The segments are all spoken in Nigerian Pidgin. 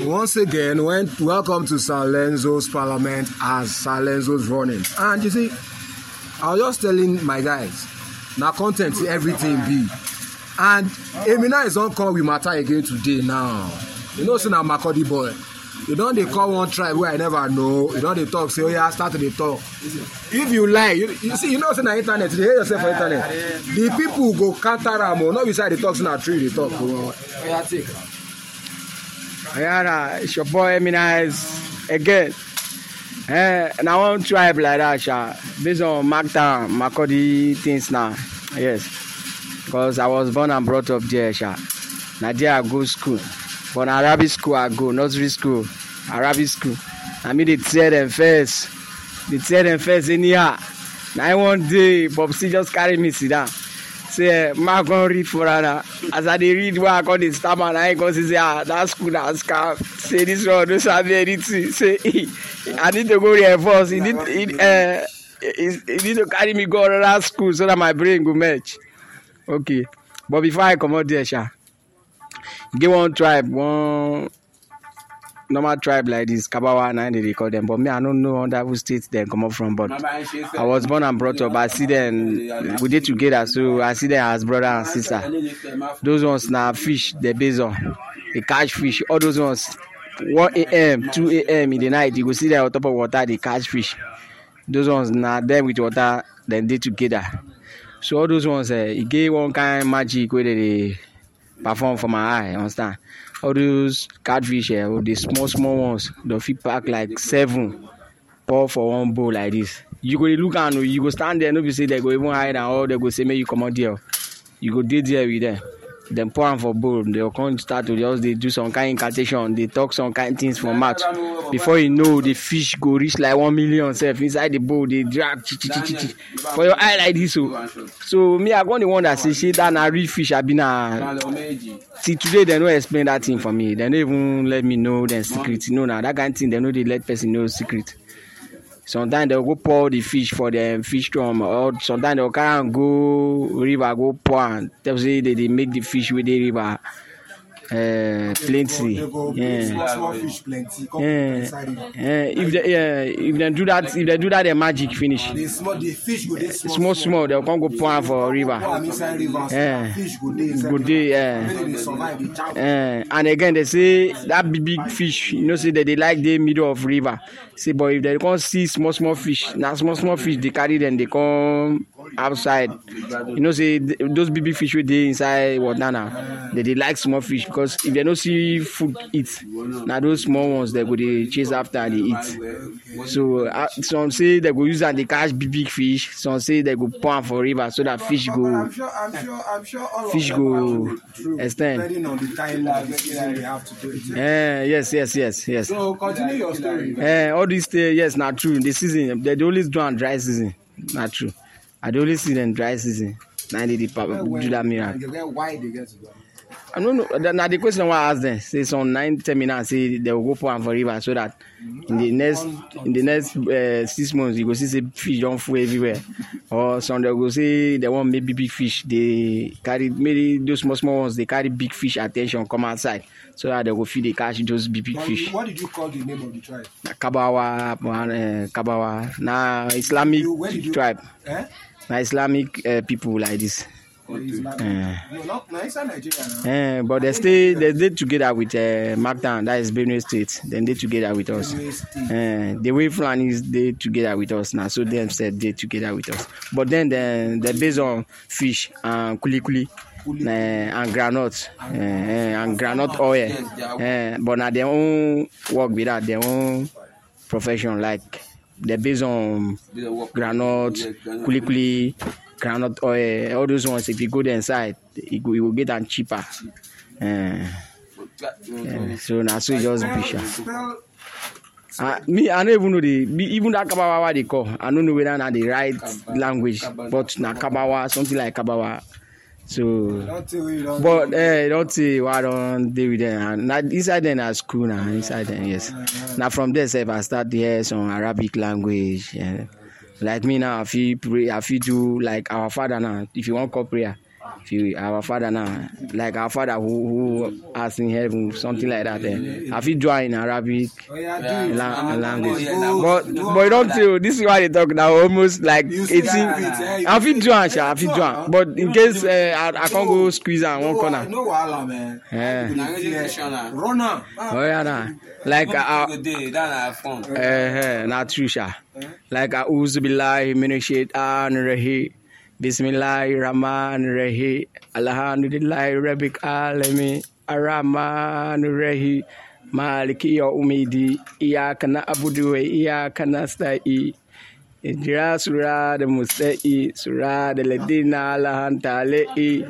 Once again, when, welcome to Salenzo's parliament as Salenzo's running. And you see, I was just telling my guys, now content is everything be. And Emina is on call with matter again today now. You know, say a Makodi boy. You don't dey call one tribe where I never know. You don't dey talk say, oh, yeah, start to talk. If you lie, you, you see, you know say the internet, you hear yourself for internet. The people go cataramo, oh. not beside the talks say I dey talk true you talk o. Oh. Ayara, it's your boy Eminence again. Eh, and I won't tribe like that, sha. Based on Magda, Makodi things now. Yes. Because I was born and brought up there, sha. Now there I go school. For Arabic school I go, nursery school, Arabic school. I mean they tear them first. They tear them first in here. Now one day, Bobsy just carry me sit down say eh, ma con read for her as i dey read wey i con dey stammer na him con see say ah that school na scam say this one no sabi anything say i need to go reinforce he need he uh, he need to carry me go another school so that my brain go merge okay but before i comot there sha e get one tribe one normal tribe like this, Kabawa, and they call them. But me, I don't know under which state they come up from. But I was born and brought up. I see them, we did together. So I see them as brother and sister. Those ones now fish, they based on. They catch fish. All those ones, 1 a.m., 2 a.m. in the night, you go see them on top of water, they catch fish. Those ones now, them with water, then they together. So all those ones, eh, it gave one kind of magic where they perform for my eye. Understand? All those catfish here, eh, or oh, the small small ones, they fit pack like seven, pour for one bowl like this. You go look and you go stand there. No be say they go even hide and all. They go say make you come out there. You go dey there with them dem pour am for bowl dem come start to just dey do some kind incantation dey talk some kind things for mouth before you know the fish go reach like one million sef inside the bowl dey drag chichichichi for your eye like this o oh. so me i come dey wonder say shey that na real fish abi na till today dem no explain that thing for me dem no even let me know dem secret no na that kind thing dem no dey let person know secret sometimes they go pour the fish for them fish drum or sometimes they go carry am go river go pour am tell say they dey make the fish wey dey river plenty. Yeah. Yeah. If they yeah, if they do that, if they do that, they magic finish. The small, the fish go small, small, small. They come go point for river. Yeah. go day. Yeah. And again, they say that big, big fish. You know, say that they like the middle of river. Say, but if they come see small, small fish, now small, small fish they carry them. They come outside you know say those big big fish wey they inside water Now they they like small fish because if they no see food eat now those small ones they go they chase after and they eat so uh, some say they go use and they catch big big fish some say they go pour am for river so that fish go fish go extend. ten eh, yes yes yes yes. so continue your story. Uh, all these uh, yes not true the season they dey always do am dry season Not true. I dey only see them dry season. Now they dey do that miracle. I don't know. Now the question I asked them, say some nine terminal, say they will go for and for river, so that in the next in the next uh, six months you go see say fish don full everywhere, or some they go say they want maybe big fish. They carry maybe those small small ones. They carry big fish attention come outside, so that they go feed the catch those big big fish. What did you call the name of the tribe? Kabawa, uh, Kabawa. Now Islamic you, tribe. Eh? Now Islamic uh, people like this. Uh, but they stay they stay together with uh, Markdown, that is Benue State. Then they together with us. Uh, the way is they together with us now. So they said they together with us. But then they they based on fish and kuli kuli. Uh, and granite uh, and granite oil uh, but na their own work be that their own profession like they based on granite kulikuli groundnut oil, eh, all those ones. If you go there inside, it go, you will get them cheaper. Uh, eh. yeah. So now, so just be sure. Uh, me, I don't even know the me, even that Kabawa they call. I don't know whether na the right Kabawa. language, Kabawa. but na Kabawa, something like Kabawa. So, don't but eh, don't say why don't they with them. Now inside them at school now, inside them yes. Now from there, self, I start to hear some Arabic language. Yeah. Like me now, if you pray, if you do like our father now, if you want call prayer, few our father now like our father who who has in heaven something like that eh i fit draw in arabic oh, yeah, la ah, language oh, but but you don tell this is why they talk now almost like eighteen i fit draw am sha i fit draw am but in case uh, i i con go squeeze am one corner No man. Eh. Oh yeah, na like ah eh, eh na true sha like ah uh, uzubilahi minashaitan rahim. Bismillah, Rahman, Rahim. Alhamdulillahi Rabbil Alamin. Ar-Rahmanir Rahim. Maliki umidi, Iyyaka na'budu wa iyyaka nasta'in. Ijira sura da musta'i sura da ladina alahanta alai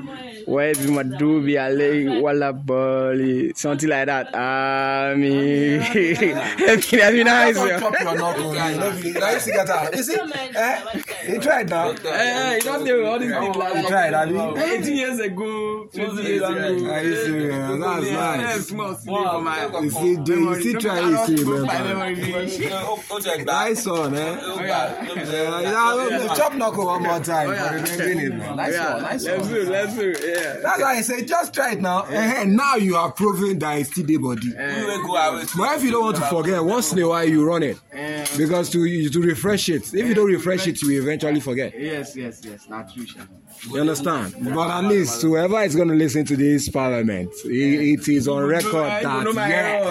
waibi madubi alai wala bali something like that. ami Everything has been nice. Don't chop your eh? Now you see You don't know all these things. You tried, I mean. 18 years ago, 20 years ago. Are you serious? That's nice. Small sleep my. You see, you see, try, you see, remember. Nice one, eh? eh? Oh, yeah, chop knuckle one more time. Oh, yeah. it, nice yeah. one, nice let's one. Do, let's do, yeah. That's why I say just try it now. Yeah. Uh-huh. Now you have proven that it's still the body. Uh, but if you don't want to forget, once in a while you run it uh, because to to refresh it. If you don't refresh it, you eventually forget. Yes, yes, yes. Not true. You understand? But at least whoever is going to listen to this parliament, it is on record that yes.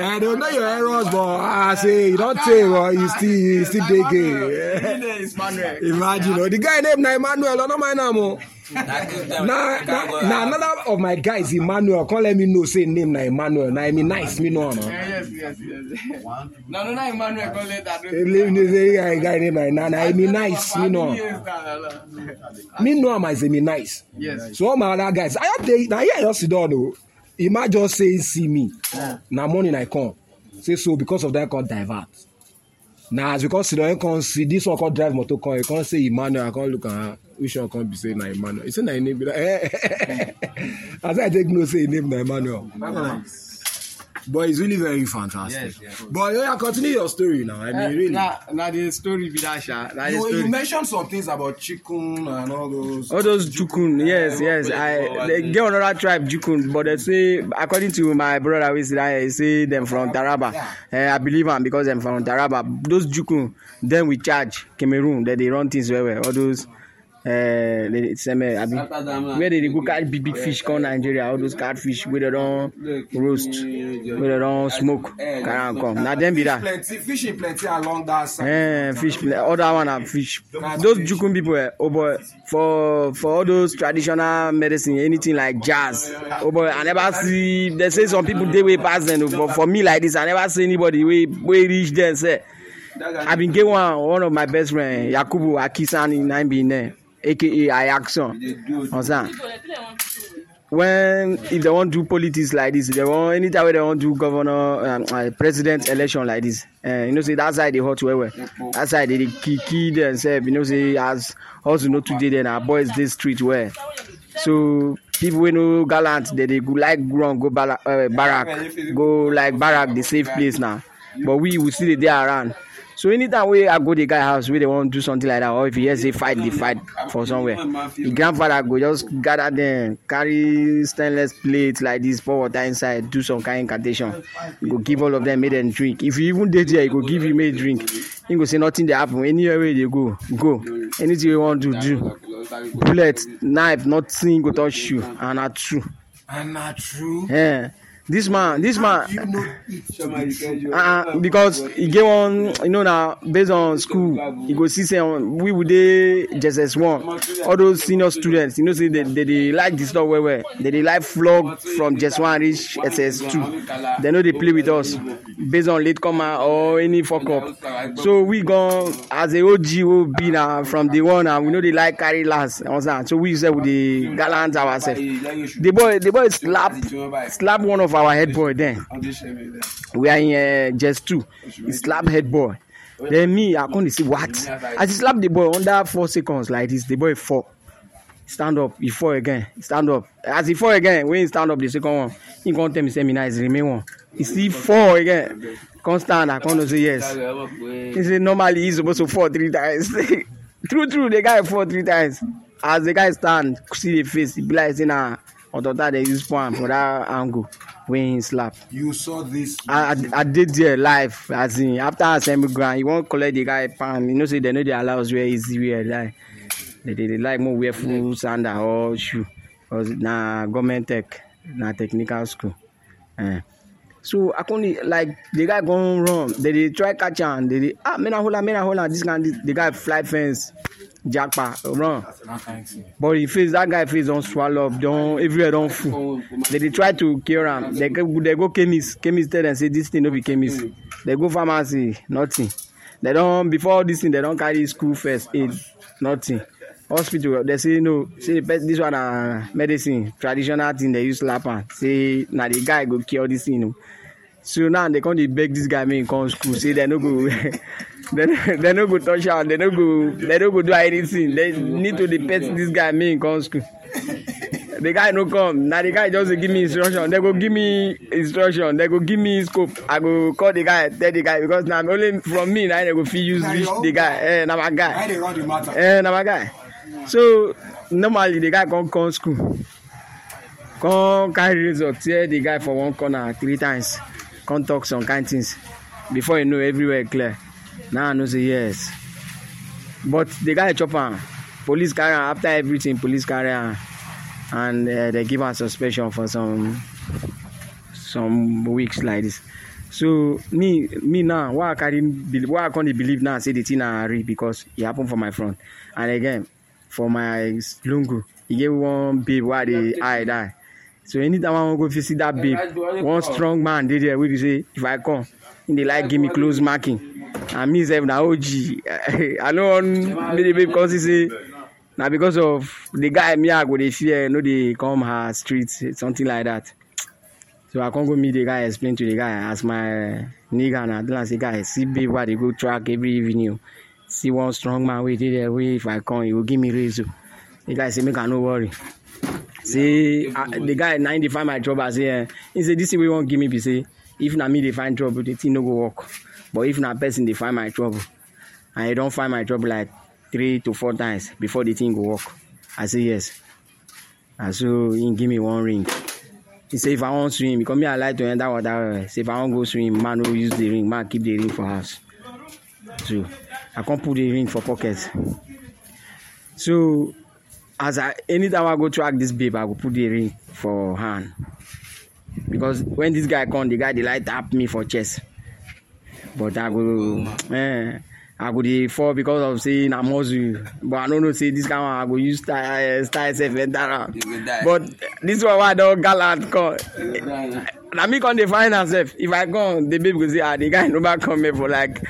I don't know your errors, but I ah, say you don't say, but you still you still dig it. Imagine, oh, the guy named na Emmanuel, not my name. na na another of my guys emmanuel come let me know say name na emmanuel na mean nice me know am. yes yes yes na no na emmanuel come let that. Leave me say guy guy name na na mean nice me know me know am as me nice. yes so all my other guys i don tell you na here i just sit down say see me na morning i come say so because of that called come divert na as we come sit down come see this one come drive motor come he come say emmanuel i come look at am which one come be say na emmanuel he say na him name be that as i take know say him name na emmanuel. Nice. But it's really very fantastic. Yes, yes. But yeah, continue your story now. I mean, uh, really. Now, the story be that, Sha. you, you mentioned some things about chicken and all those. All those jukun, eh, yes, yes. I they get another tribe jukun, but they say according to my brother, we say, eh, them from Taraba. Yeah. Uh, I believe them because I'm from Taraba. Those jukun, then we charge Cameroon that they run things well, well. All those. uh, they, same, I mean, where they, they go catch big big fish come Nigeria, all those catfish where they don't roast, where they don't smoke, eh, can come. Now them be that. Fish plenty along that side. Eh, fish plenty. Other one are fish. Those Jukun people, eh, oh boy, for for all those traditional medicine, anything like oh, jazz. Oh boy, I never see. They say some people they way past them, but for me like this, I never see anybody way way reach there. Say, I been get one one of my best friend, Yakubu Akisani, nine been there aka Iaction. Understand? when if they wan do politics like this if they wan anytime wey they wan do governor um, uh, president election like this uh, you know say that side dey hot well well that side dey dey kill kill themselves you know say as hustle no too dey there na boys dey street well so people wey no gallant dey dey like run go bala, uh, barrack go like barrack the safe place na but we we still dey dey around So anytime we I go the guy house, we they want to do something like that, or if he has a fight, they fight for somewhere. The grandfather go just gather them, carry stainless plates like this, pour water inside, do some kind of incantation. He go give all of them, made them drink. If you even did there, he go give you made drink. He go say nothing they happen. Anywhere they go, go. Anything you want to do, bullet, knife, nothing go touch you, and not true. And not true. Yeah. this man this man you know uh, because he get on, you know now based on school he go see say um, we would just as one all those senior students you know say they they like this stuff where well they like vlog from just one reach ss two they know they play with us based on late comer or any fuck up so we go as a og be now from the one and we know they like carry last so we sef we the gallant ourselves the boy the boy slap slap one of our. our head boy then. We are in uh, eh, just two. He slap head boy. Then me, I couldn't see what. I just slap the boy under four seconds. Like this, the boy fall. Stand up, he fall again. Stand up. As he fall again, when he stand up the second one, he can't tell me say me now is remain one. He see fall again. Can't stand, I can't say yes. He say normally he's supposed to fall three times. true, true, the guy fall three times. As the guy stand, see the face, he be like, say, nah, Odota dey use palm for that angle wey him slap. You saw this. I I, I dey there live as in after assembly ground he wan collect the guy palm you know say dem no dey allow us wear easy wear like dem dey dey like more we wear full sandal or shoe cause na government tech na technical school. Uh. so akunle like the guy gon run they dey try catch am they dey ah mena hola mena hola this kind the guy fly fence japa run but he face that guy face don swallow up don everywhere don full they dey try to cure am they go they go chemist chemist tell dem say this thing no be chemist they go pharmacy nothing they don before this thing they don carry school first aid nothing hospital they say no say this one na medicine traditional thing they use slap am say na the guy go cure this thing o so now they come dey beg this guy make he come school say they no go they no go touch am they no go they no go do anything they need to dey pet this guy me him come school the guy no come na the guy just dey give me instruction they go give me instruction they go give me scope i go call the guy tell the guy because na only from me na they go fit use reach the guy eh na my guy eh na my guy so normally the guy come come school come carry result tear the guy for one corner three times come talk some kind things before you know everywhere clear now i know say yes but the guy chop am police carry am after everything police carry am and uh, they give am suspension for some some weeks like this so me me now why i carry why i come dey believe now say the thing na real because e happen for my front and again for my lungu e get one babe wey i dey eye die so anytime i wan go visit that babe one strong man dey there wey be say if i come he dey like give me close marking and me sef na og i no wan make the babe come see say na because of the guy me i go dey fear no dey come her street something like that so i come go meet the guy explain to the guy as my nigga na tell am say guy see babe wey i dey go track every evening o see one strong man wey dey there wey if i come he go give me raise o the guy say make i no worry say yeah, the guy na him dey find my trouble i say eh he say this thing wey you wan give me be say if na me dey find trouble the thing no go work but if na person dey find my trouble and he don find my trouble like three to four times before the thing go work i say yes na so he give me one ring he say if i wan swim because me i like to enter water well say if i wan go swim man, no use the ring Man, keep the ring for house so i come put the ring for pocket so as i anytime i go track this babe i go put the ring for hand because when this guy come the guy dey like tap me for chest but i go eh, i go dey fall because of say na muscle but i no know say this kind one i go use eh, style uh, style sef enter am but this one wey i don gallant call. na me come dey find am sef if i come the baby go say ah the guy no ma come here for like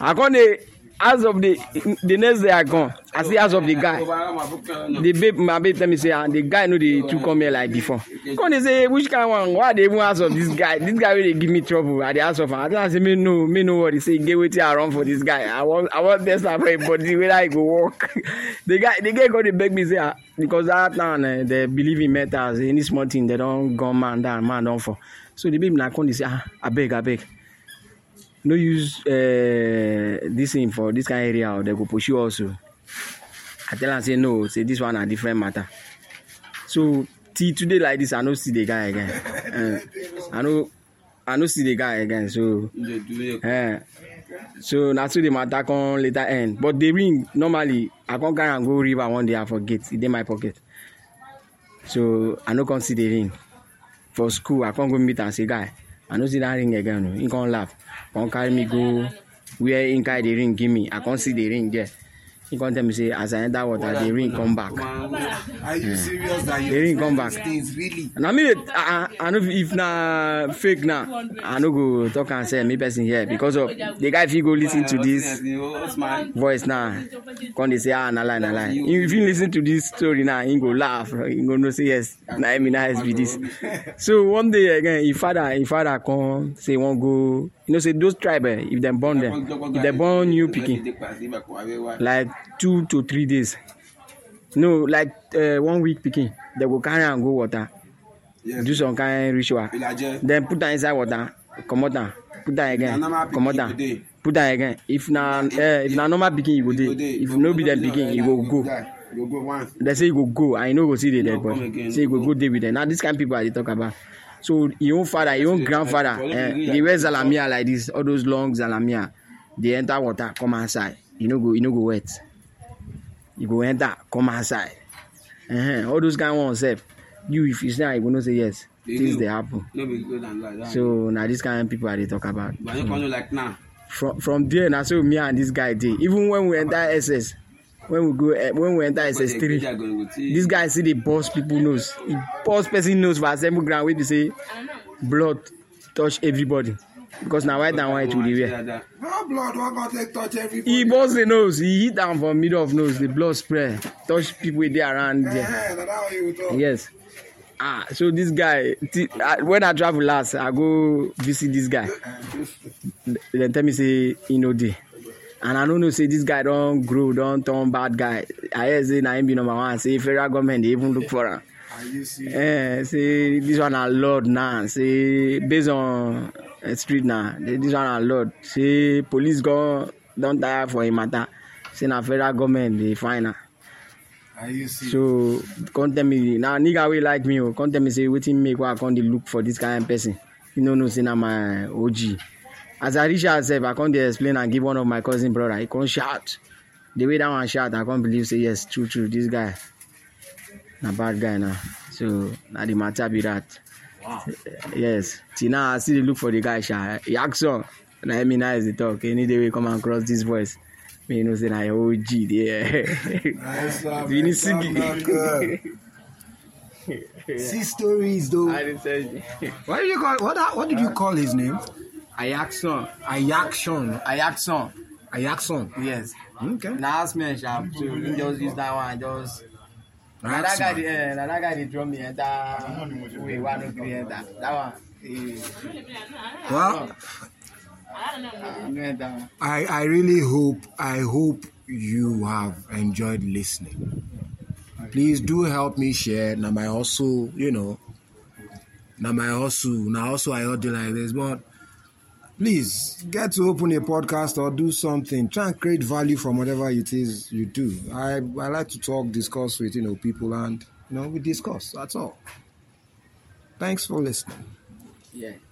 i come dey as of the the next day i come i see as of the guy the babe my babe tell me say ah the guy no dey too come here like before come dey say which kind one why i dey even ask of this guy this guy wey dey give me trouble i dey ask of am i tell am say me no me no worry say e get wetin i run for this guy i wan i wan test am for him body whether e go work the guy the guy come dey beg me say ah because that time eh dey believe in metals any small thing dey don gun man down man don fall so the babe na come dey say ah abeg abeg no use uh, this thing for this kind of area or they go pursue also oh. i tell am say no say this one a different matter so till today like this i no see the guy again uh, i no i no see the guy again so uh, so na so the matter come later end but the ring normally i come carry and go river one day i forget e dey my pocket so i no come see the ring for school i come go meet and say guy I no see that ring again. He can't laugh. Can't carry me go where he carry the ring give me. I can't see the ring there he come tell me say as i enter water the rain come back are you hmm. serious that you the rain come back things really na me i i no if na fake na i no go talk am sef me person hear because of the guy fit go lis ten to this voice na come dey say ah na lie na lie if he lis ten to this story na he go laugh he go know say yes na him na his be this so one day again him father him father come say he wan go you know say those tribe eh, if dem born dem if dem born new pikin like two to three days no like uh, one week pikin dem go carry am go water yes. do some kind ritual then put am inside water comot am put am again comot am put am again if na uh, if na normal pikin e go dey if no be dem pikin e go go dem say e go go and e no go see the dead boy. say e go go dey with dem na this kind people i dey talk about So your own father, your own grandfather, eh, they wear zalamia like this, all those long zalamia. They enter water, come outside. You know go, you know go wet. You go enter, come outside. Uh-huh. All those guys want ones, eh, you if you say you gonna say yes. This is the apple. No be good and bad. So na this kind of people I dey talk about. But you come know like now. Nah. From from there na so me and this guy did. Even when we enter SS, when we go uh, when we enter ss3 this guy see the boss. people nose he burst person nose for assembly ground wey be say blood touch everybody because na white and white we dey wear he burst the nose he hit am for middle of nose the blood spread touch people wey dey around eh, there yes ah so this guy t uh, ah, when i travel last i go visit this guy dem eh, tell me say he no dey and i no know say this guy don grow don turn bad guy i hear say na him be number one say federal government dey even look for am eh say this one na lord now say based on street na this one na lord say police don tire for him matter say na federal government dey find am so come tell me na nigga wey like me o oh, come tell me say wetin make why i come dey look for dis kind person you no know say na my og as i reach out sef i come dey explain and give one of my cousin brother he come shout the way that one shout i can't believe say yes true true this guy a bad guy now. so not the matter be that wow. yes See now i still the look for the guy sha I mean, now is the talk any day we come across this voice me you know say na your og there you need sing. See stories though. I didn't you. What did you call what? What did you call his name? Ajaxon. Ajaxon. Ajaxon. Ajaxon. Yes. Okay. Now ask me sharp too. just use that one. Just. Now that guy, now that guy, they draw me enter. Wait, why not agree enter? That one. Well, I, I really hope I hope you have enjoyed listening. Please do help me share. Now I also, you know, now I also, now also I order like this, but please get to open a podcast or do something try and create value from whatever it is you do i i like to talk discuss with you know people and you know we discuss that's all thanks for listening yeah